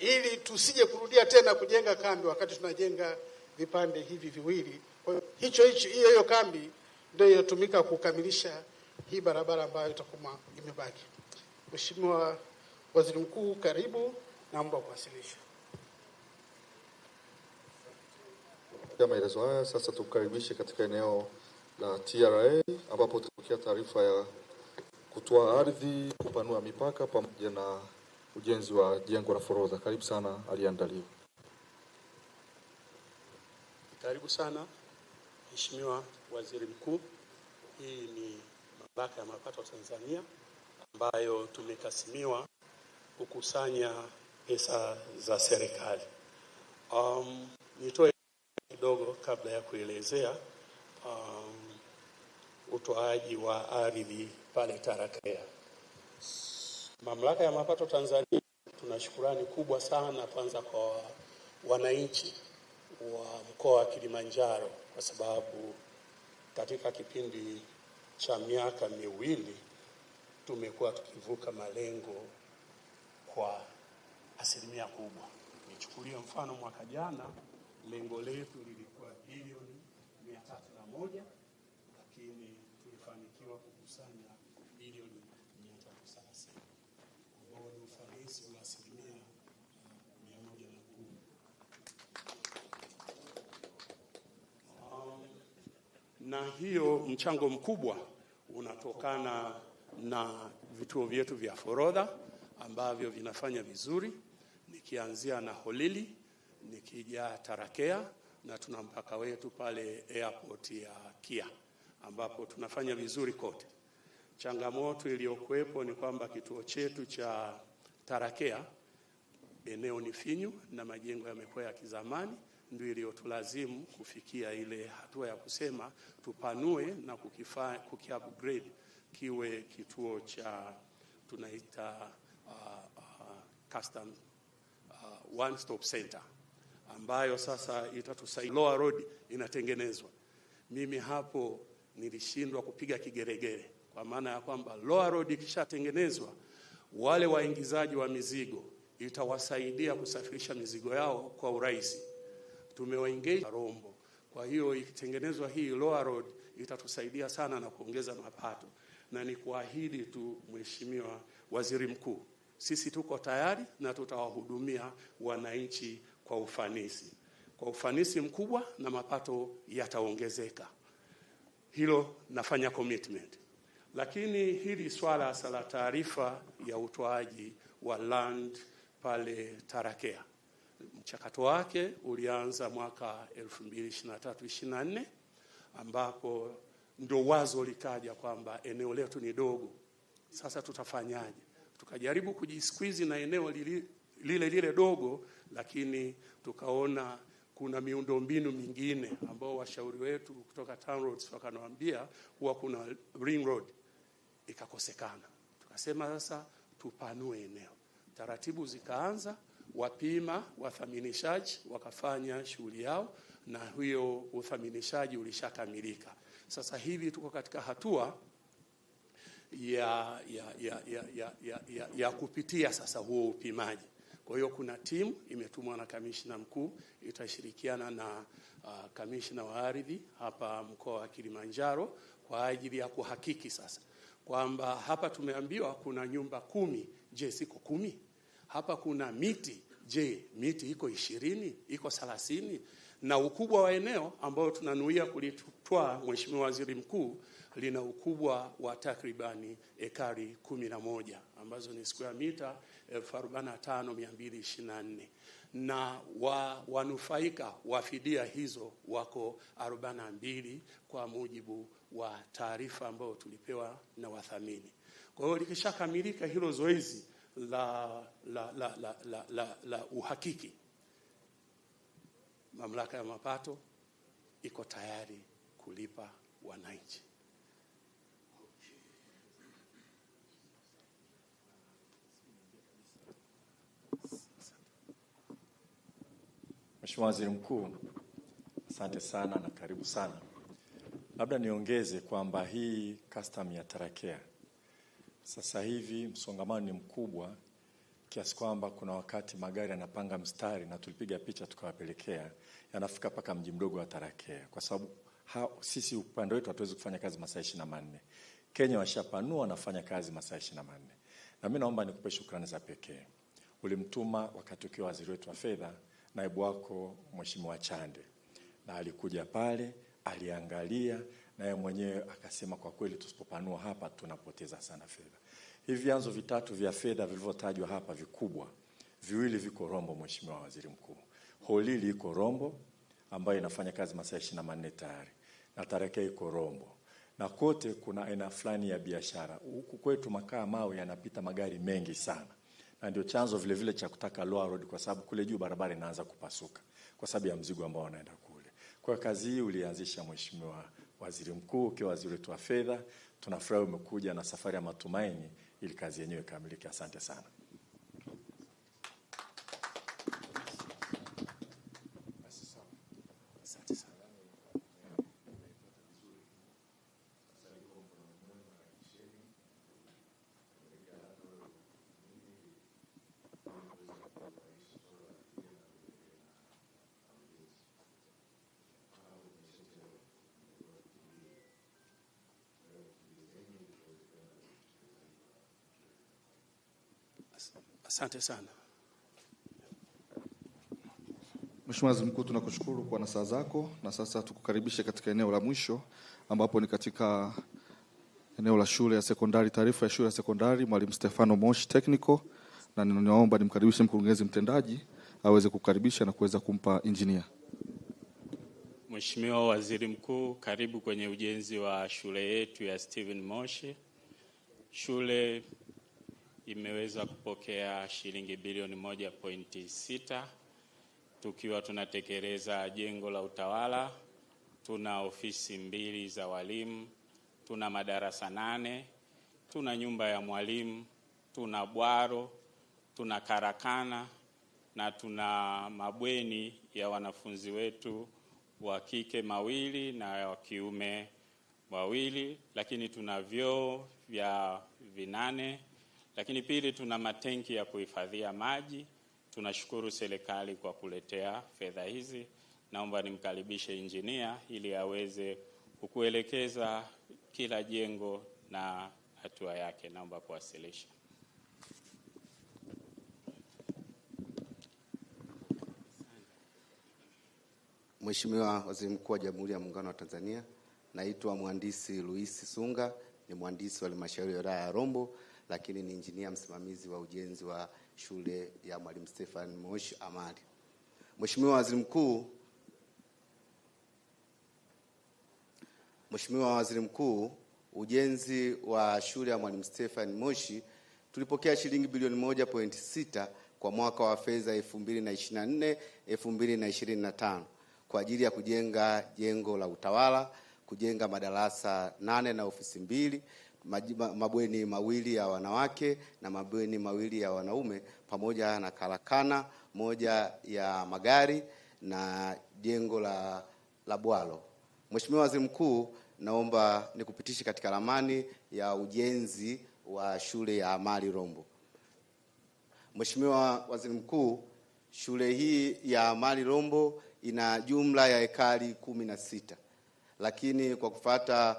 ili tusije kurudia tena kujenga kambi wakati tunajenga vipande hivi viwili. Kwa hicho hicho, hiyo hiyo kambi ndio inatumika kukamilisha hii barabara ambayo itakuwa imebaki. Mheshimiwa Waziri Mkuu, karibu, naomba kuwasilisha ya maelezo haya. Sasa tukaribishe katika eneo la TRA ambapo tutapokea taarifa ya kutoa ardhi, kupanua mipaka pamoja na ujenzi wa jengo la forodha. Karibu sana aliandaliwa. Karibu sana Mheshimiwa Waziri Mkuu, hii ni mamlaka ya mapato Tanzania ambayo tumekasimiwa kukusanya pesa za serikali. Um, nitoe kidogo kabla ya kuelezea um, utoaji wa ardhi pale Tarakea. Mamlaka ya Mapato Tanzania, tuna shukurani kubwa sana kwanza kwa wananchi wa mkoa wa Kilimanjaro kwa sababu katika kipindi cha miaka miwili tumekuwa tukivuka malengo kwa asilimia kubwa. Nichukulie mfano, mwaka jana lengo letu lilikuwa bilioni mia tatu na moja lakini tulifanikiwa kukusanya bilioni la asilimia mia moja na kumi. na hiyo mchango mkubwa unatokana na vituo vyetu vya forodha ambavyo vinafanya vizuri, nikianzia na Holili nikija Tarakea na tuna mpaka wetu pale airport ya Kia ambapo tunafanya vizuri kote. Changamoto iliyokuwepo ni kwamba kituo chetu cha Tarakea eneo ni finyu na majengo yamekuwa ya kizamani, ndio iliyotulazimu kufikia ile hatua ya kusema tupanue na kukifa, kukiupgrade kiwe kituo cha tunaita uh, uh, custom uh, one stop center ambayo sasa itatusaidia. Lower Road inatengenezwa. Mimi hapo nilishindwa kupiga kigeregere, kwa maana ya kwamba Lower Road ikishatengenezwa wale waingizaji wa mizigo itawasaidia kusafirisha mizigo yao kwa urahisi. Tumewaengage Rombo, kwa hiyo ikitengenezwa hii Lower Road itatusaidia sana na kuongeza mapato, na ni kuahidi tu Mheshimiwa Waziri Mkuu, sisi tuko tayari na tutawahudumia wananchi kwa ufanisi, kwa ufanisi mkubwa na mapato yataongezeka. Hilo nafanya commitment. Lakini hili swala la taarifa ya utoaji wa land pale Tarakea, mchakato wake ulianza mwaka 2023 2024 ambapo ndio wazo likaja kwamba eneo letu ni dogo, sasa tutafanyaje? Tukajaribu kujiskwizi na eneo lili, lile, lile dogo, lakini tukaona kuna miundombinu mingine ambao washauri wetu kutoka TANROADS wakanawambia huwa kuna ring road ikakosekana. Tukasema sasa tupanue eneo, taratibu zikaanza, wapima wathaminishaji wakafanya shughuli yao, na huyo uthaminishaji ulishakamilika. Sasa hivi tuko katika hatua ya, ya, ya, ya, ya, ya, ya, ya kupitia sasa huo upimaji. Kwa hiyo kuna timu imetumwa na kamishna mkuu itashirikiana na uh, kamishna wa ardhi hapa mkoa wa Kilimanjaro kwa ajili ya kuhakiki sasa kwamba hapa tumeambiwa kuna nyumba kumi, je, siko kumi? Hapa kuna miti, je, miti iko ishirini, iko thelathini? Na ukubwa wa eneo ambayo tunanuia kulitwaa, Mheshimiwa Waziri Mkuu, lina ukubwa wa takribani ekari kumi na moja ambazo ni square mita elfu arobaini na tano mia mbili ishirini na nne na wa, wanufaika wa fidia hizo wako 42 kwa mujibu wa taarifa ambayo tulipewa na wathamini. Kwa hiyo likishakamilika hilo zoezi la, la, la, la, la, la, la uhakiki, mamlaka ya mapato iko tayari kulipa wananchi. Mheshimiwa Waziri Mkuu, asante sana na karibu sana. Labda niongeze kwamba hii custom ya tarakea sasa hivi msongamano ni mkubwa kiasi kwamba kuna wakati magari yanapanga mstari na tulipiga picha tukawapelekea, yanafika mpaka mji mdogo wa Tarakea, kwa sababu sisi upande wetu hatuwezi kufanya kazi masaa ishirini na manne. Kenya washapanua wanafanya kazi masaa ishirini na manne. Na mimi naomba nikupe shukrani za pekee, ulimtuma wakati ukiwa waziri wetu wa fedha, naibu wako Mheshimiwa Chande, na alikuja pale aliangalia naye mwenyewe akasema, kwa kweli tusipopanua hapa tunapoteza sana fedha. Hivi vyanzo vitatu vya fedha vilivyotajwa hapa vikubwa, viwili viko Rombo, Mheshimiwa Waziri Mkuu. Holili iko Rombo ambayo inafanya kazi masaa ishirini na manne tayari na Tarakea iko Rombo na kote kuna aina fulani ya biashara. Huku kwetu makaa mawe yanapita magari mengi sana, na ndio chanzo vile vile cha kutaka Lower Road, kwa sababu kule juu barabara inaanza kupasuka kwa sababu ya mzigo ambao wanaenda kwa kazi hii ulianzisha, Mheshimiwa Waziri Mkuu, ukiwa waziri wetu wa fedha, tunafurahi umekuja na safari ya matumaini ili kazi yenyewe ikamilike. Asante sana. Asante sana Mheshimiwa Waziri Mkuu, tunakushukuru kwa nasaha zako, na sasa tukukaribishe katika eneo la mwisho ambapo ni katika eneo la shule ya sekondari, taarifa ya shule ya sekondari Mwalimu Stefano Moshi Technical, na ninaomba nimkaribishe mkurugenzi mtendaji aweze kukaribisha na kuweza kumpa injinia. Mheshimiwa Waziri Mkuu, karibu kwenye ujenzi wa shule yetu ya Stephen Moshi. Shule imeweza kupokea shilingi bilioni moja pointi sita tukiwa tunatekeleza jengo la utawala, tuna ofisi mbili za walimu, tuna madarasa nane, tuna nyumba ya mwalimu, tuna bwaro, tuna karakana na tuna mabweni ya wanafunzi wetu wa kike mawili na wa kiume wawili, lakini tuna vyoo vya vinane lakini pili, tuna matenki ya kuhifadhia maji. Tunashukuru serikali kwa kuletea fedha hizi. Naomba nimkaribishe injinia ili aweze kukuelekeza kila jengo na hatua yake. Naomba kuwasilisha. Mheshimiwa Waziri Mkuu wa Jamhuri ya Muungano wa Tanzania, naitwa mhandisi Luisi Sunga, ni mhandisi wa halmashauri ya wilaya ya Rombo lakini ni injinia msimamizi wa ujenzi wa shule ya Mwalimu Stefan Mosh Amali. Mheshimiwa Waziri Mkuu, Mheshimiwa Waziri Mkuu, ujenzi wa shule ya Mwalimu Stefan Moshi tulipokea shilingi bilioni 1.6 kwa mwaka wa fedha 2024 2025 kwa ajili ya kujenga jengo la utawala, kujenga madarasa nane na ofisi mbili mabweni mawili ya wanawake na mabweni mawili ya wanaume pamoja na karakana moja ya magari na jengo la, la bwalo. Mheshimiwa Waziri Mkuu, naomba nikupitishe katika ramani ya ujenzi wa shule ya Amali Rombo. Mheshimiwa Waziri Mkuu, shule hii ya Amali Rombo ina jumla ya ekari kumi na sita, lakini kwa kufata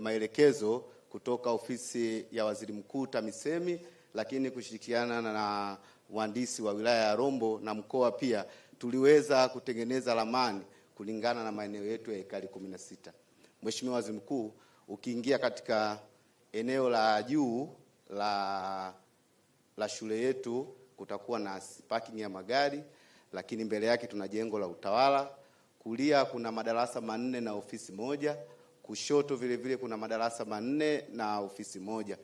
maelekezo kutoka ofisi ya waziri mkuu TAMISEMI, lakini kushirikiana na wahandisi wa wilaya ya Rombo na mkoa pia tuliweza kutengeneza ramani kulingana na maeneo yetu ya ekari 16. Mheshimiwa Waziri Mkuu, ukiingia katika eneo la juu la la shule yetu kutakuwa na parking ya magari, lakini mbele yake tuna jengo la utawala, kulia kuna madarasa manne na ofisi moja. Kushoto vile vile kuna madarasa manne na ofisi moja,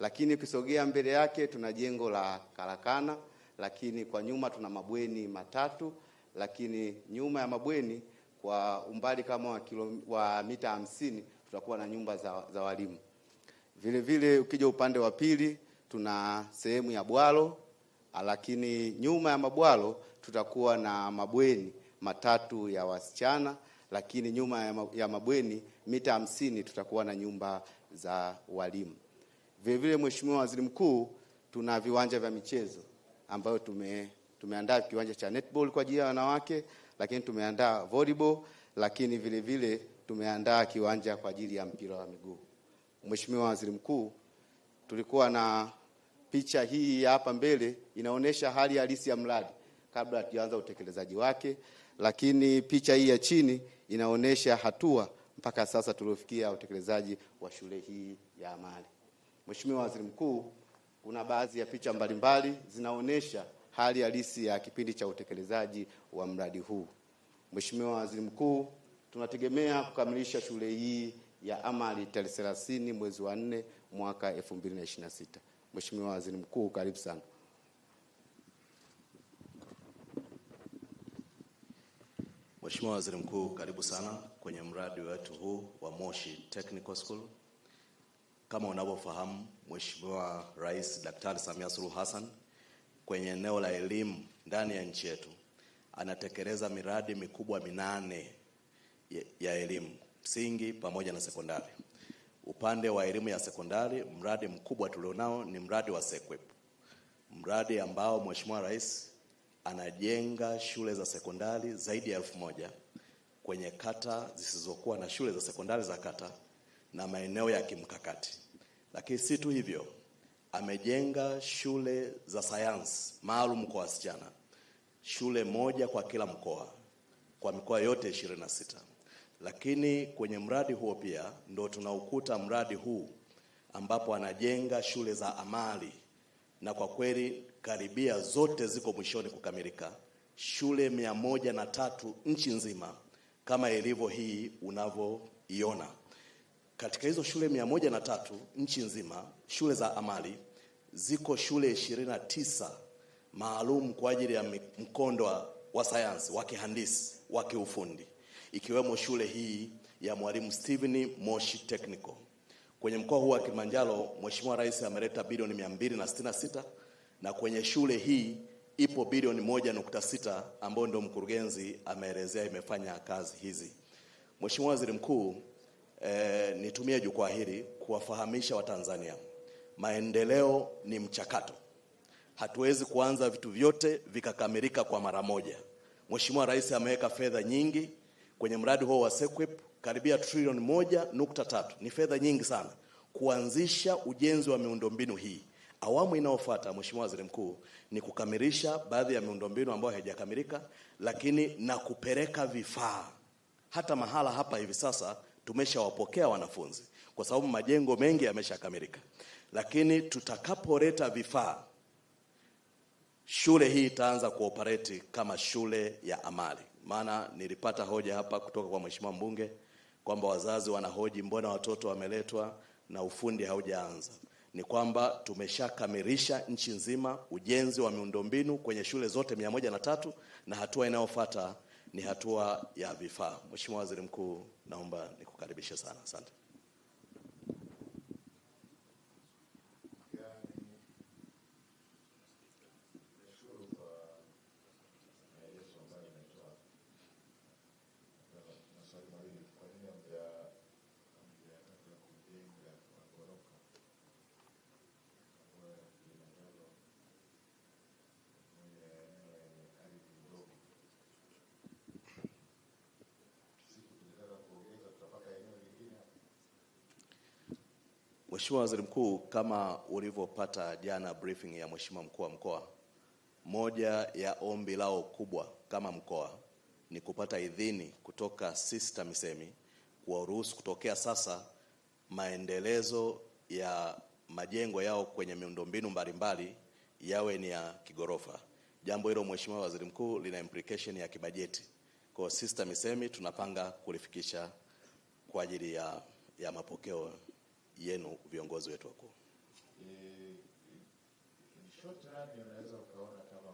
lakini ukisogea mbele yake tuna jengo la karakana, lakini kwa nyuma tuna mabweni matatu, lakini nyuma ya mabweni kwa umbali kama wa, kilo, wa mita hamsini tutakuwa na nyumba za, za walimu. Vile vile ukija upande wa pili tuna sehemu ya bwalo, lakini nyuma ya mabwalo tutakuwa na mabweni matatu ya wasichana lakini nyuma ya mabweni mita hamsini tutakuwa na nyumba za walimu. Vilevile, Mheshimiwa Waziri Mkuu, tuna viwanja vya michezo ambayo tume tumeandaa kiwanja cha netball kwa ajili ya wanawake, lakini tumeandaa volleyball, lakini vile vile tumeandaa kiwanja kwa ajili ya mpira wa miguu. Mheshimiwa Waziri Mkuu, tulikuwa na picha hii hapa mbele inaonyesha hali halisi ya mradi kabla hatujaanza utekelezaji wake, lakini picha hii ya chini inaonyesha hatua mpaka sasa tuliofikia utekelezaji wa shule hii ya amali. Mheshimiwa Waziri Mkuu, kuna baadhi ya picha mbalimbali zinaonyesha hali halisi ya kipindi cha utekelezaji wa mradi huu. Mheshimiwa Waziri Mkuu, tunategemea kukamilisha shule hii ya amali tarehe 30 mwezi wa 4 mwaka 2026. Mheshimiwa Waziri Mkuu, karibu sana. Mheshimiwa Waziri Mkuu, karibu sana kwenye mradi wetu huu wa Moshi Technical School. Kama unavyofahamu, Mheshimiwa Rais Daktari Samia Suluhu Hassan kwenye eneo la elimu ndani ya nchi yetu anatekeleza miradi mikubwa minane ya elimu msingi pamoja na sekondari. Upande wa elimu ya sekondari, mradi mkubwa tulionao ni mradi wa SEQUIP, mradi ambao Mheshimiwa Rais anajenga shule za sekondari zaidi ya elfu moja kwenye kata zisizokuwa na shule za sekondari za kata na maeneo ya kimkakati. Lakini si tu hivyo, amejenga shule za sayansi maalum kwa wasichana, shule moja kwa kila mkoa, kwa mikoa yote ishirini na sita. Lakini kwenye mradi huo pia ndo tunaukuta mradi huu ambapo anajenga shule za amali, na kwa kweli karibia zote ziko mwishoni kukamilika, shule mia moja na tatu nchi nzima kama ilivyo hii unavyoiona. Katika hizo shule mia moja na tatu nchi nzima, shule za amali ziko shule ishirini na tisa maalum kwa ajili ya mkondo wa sayansi wa kihandisi wa kiufundi ikiwemo shule hii ya Mwalimu Steven Moshi Technical. Kwenye mkoa huu wa Kilimanjaro, Mheshimiwa Rais ameleta bilioni 266 na kwenye shule hii ipo bilioni moja nukta sita ambayo ndio mkurugenzi ameelezea imefanya kazi hizi. Mheshimiwa Waziri Mkuu, eh, nitumie jukwaa hili kuwafahamisha Watanzania maendeleo ni mchakato. Hatuwezi kuanza vitu vyote vikakamilika kwa mara moja. Mheshimiwa Rais ameweka fedha nyingi kwenye mradi huo wa SEQUIP karibia trilioni moja nukta tatu. Ni fedha nyingi sana kuanzisha ujenzi wa miundombinu hii. Awamu inayofuata Mheshimiwa Waziri Mkuu, ni kukamilisha baadhi ya miundombinu ambayo haijakamilika, lakini na kupeleka vifaa hata mahala hapa. Hivi sasa tumeshawapokea wanafunzi kwa sababu majengo mengi yameshakamilika, lakini tutakapoleta vifaa, shule hii itaanza kuoperate kama shule ya amali. Maana nilipata hoja hapa kutoka kwa Mheshimiwa mbunge kwamba wazazi wanahoji, mbona watoto wameletwa na ufundi haujaanza? ni kwamba tumeshakamilisha nchi nzima ujenzi wa miundombinu kwenye shule zote mia moja na tatu na hatua inayofuata ni hatua ya vifaa. Mheshimiwa Waziri Mkuu, naomba nikukaribishe sana. Asante. Mheshimiwa Waziri Mkuu, kama ulivyopata jana briefing ya Mheshimiwa Mkuu wa Mkoa, moja ya ombi lao kubwa kama mkoa ni kupata idhini kutoka sisi TAMISEMI kuwaruhusu kutokea sasa maendelezo ya majengo yao kwenye miundombinu mbalimbali yawe ni ya kigorofa. Jambo hilo Mheshimiwa Waziri Mkuu, lina implication ya kibajeti. Kwa hiyo sisi TAMISEMI tunapanga kulifikisha kwa ajili ya, ya mapokeo yenu viongozi wetu wakuu. Eh, eh, ukaona kama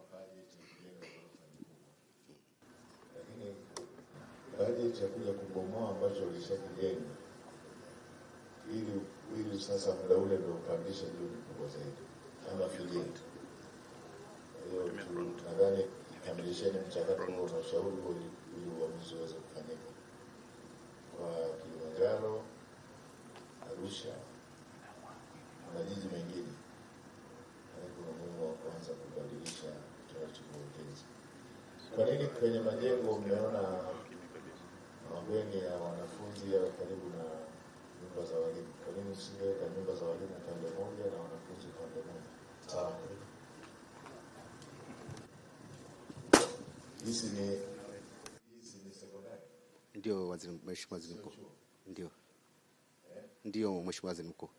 bajeti ya kuja kubomoa ambacho ulishakijenga ili ili sasa muda ule ndio upandishe juu ni zaidi kama kijeni. hiyo nadhani ikamilisheni mchakato huo na ushauri huo ili uamuzi uweze kufanyika kwa Kilimanjaro kurusha majiji mengine. Yaani kuna umuhimu wa kuanza kubadilisha utaratibu wa ujenzi. Kwa nini kwenye majengo mmeona mabweni ya wanafunzi ya karibu na nyumba za walimu? Kwa nini msingeweka nyumba za walimu pande moja na wanafunzi pande moja? Hizi ni ndio Mheshimiwa Waziri Mkuu, ndio. Ndio Mheshimiwa Waziri Mkuu.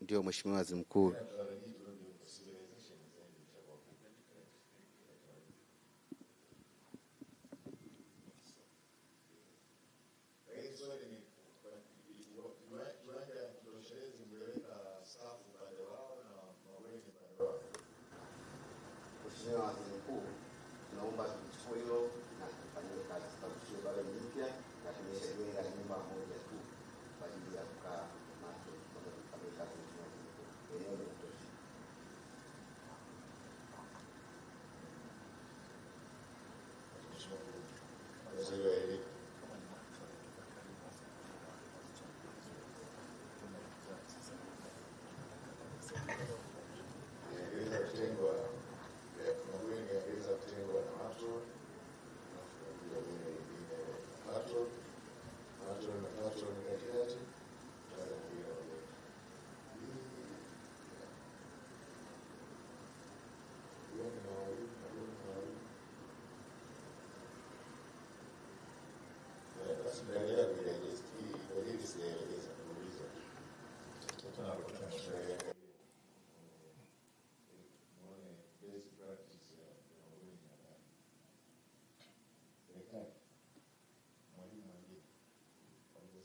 Ndio Mheshimiwa Waziri Mkuu. Amen.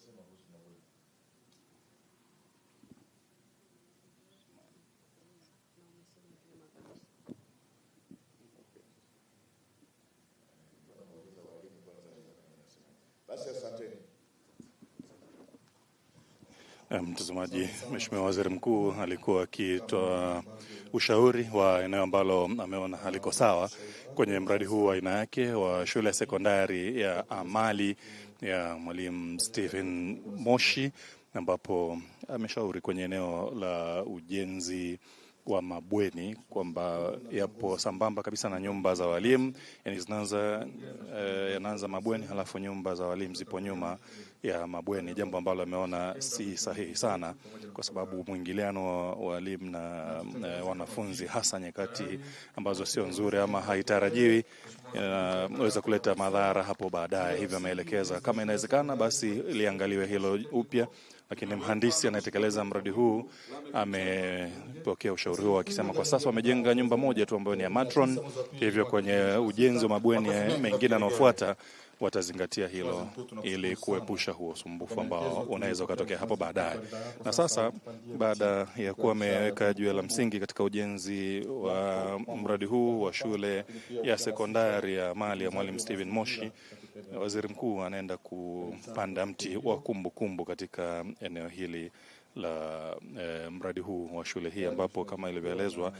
Sema kuhusu Basi asanteni. Mtazamaji, Mheshimiwa Waziri Mkuu alikuwa akitoa ushauri wa eneo ambalo ameona haliko sawa kwenye mradi huu wa aina yake wa shule ya sekondari ya amali ya Mwalimu Stephen Moshi ambapo ameshauri kwenye eneo la ujenzi wa mabweni kwamba yapo sambamba kabisa na nyumba za walimu, yani zinaanza uh, yanaanza mabweni halafu nyumba za walimu zipo nyuma ya mabweni, jambo ambalo ameona si sahihi sana, kwa sababu mwingiliano wa walimu na uh, wanafunzi hasa nyakati ambazo sio nzuri ama haitarajiwi inaweza kuleta madhara hapo baadaye. Hivyo ameelekeza kama inawezekana, basi liangaliwe hilo upya lakini mhandisi anayetekeleza mradi huu amepokea ushauri huo akisema kwa sasa wamejenga nyumba moja tu ambayo ni ya matron, hivyo kwenye ujenzi wa mabweni mengine anaofuata watazingatia hilo ili kuepusha huo usumbufu ambao unaweza ukatokea hapo baadaye. Na sasa baada ya kuwa ameweka juu la msingi katika ujenzi wa mradi huu wa shule ya sekondari ya mali ya Mwalimu Stephen Moshi Waziri mkuu anaenda kupanda mti wa kumbukumbu katika eneo hili la e, mradi huu wa shule hii ambapo kama ilivyoelezwa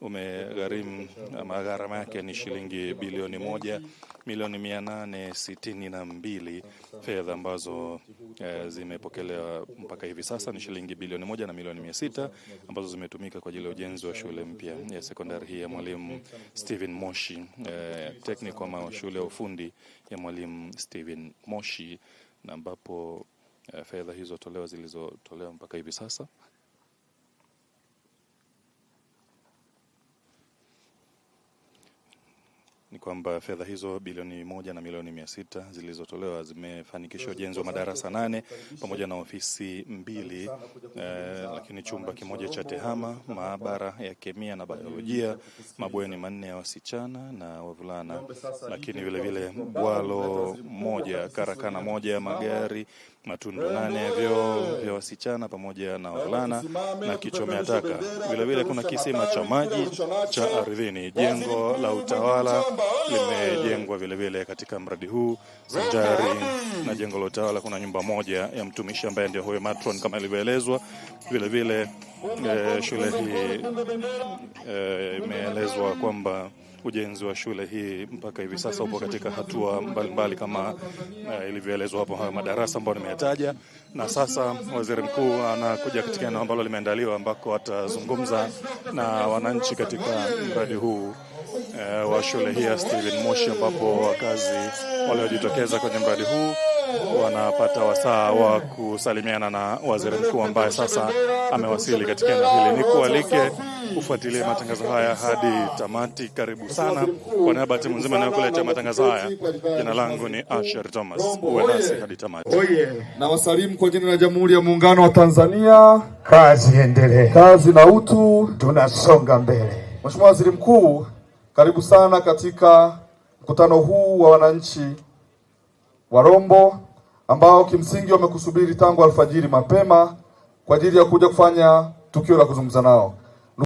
umegharimu eh, gharama yake ni shilingi bilioni moja milioni mia nane sitini na mbili. Fedha ambazo e, zimepokelewa mpaka hivi sasa ni shilingi bilioni moja na milioni mia sita ambazo zimetumika kwa ajili ya ujenzi wa shule mpya ya sekondari hii ya Mwalimu Stephen Moshi e, technical ama shule ya ufundi ya Mwalimu Stephen Moshi na ambapo e, fedha hizo tolewa zilizotolewa mpaka hivi sasa ni kwamba fedha hizo bilioni moja na milioni mia sita zilizotolewa zimefanikisha ujenzi wa madarasa nane pamoja na ofisi mbili eh, lakini chumba kimoja cha tehama, maabara ya kemia na biolojia, mabweni manne ya wasichana na wavulana, lakini vilevile bwalo moja, karakana moja ya magari matundu eh, nane vyoo vya wasichana pamoja na eh, wavulana na kichomea taka. Vilevile kuna kisima cha maji cha ardhini. Jengo la utawala limejengwa vilevile katika mradi huu sanjari na jengo la utawala. Kuna nyumba moja ya mtumishi ambaye ndio huyo matron kama ilivyoelezwa. Vilevile eh, shule hii eh, imeelezwa kwamba Ujenzi wa shule hii mpaka hivi sasa upo katika hatua mbalimbali mbali kama uh, ilivyoelezwa hapo, hayo madarasa ambayo nimeyataja na sasa waziri mkuu anakuja katika eneo ambalo limeandaliwa ambako atazungumza na wananchi katika mradi huu e, wa shule hii ya Stephen Moshi, ambapo wakazi waliojitokeza kwenye mradi huu wanapata wasaa wa kusalimiana na waziri mkuu ambaye sasa amewasili katika eneo hili. Ni kualike ufuatilie matangazo haya hadi tamati. Karibu sana. Kwa niaba ya timu nzima inayokuletea matangazo haya, jina langu ni Asher Thomas. Uwe nasi hadi tamati kwa jina la Jamhuri ya Muungano wa Tanzania. Kazi endelee, kazi na utu, tunasonga mbele. Mheshimiwa Waziri Mkuu, karibu sana katika mkutano huu wa wananchi wa Rombo ambao kimsingi wamekusubiri tangu alfajiri mapema kwa ajili ya kuja kufanya tukio la kuzungumza nao.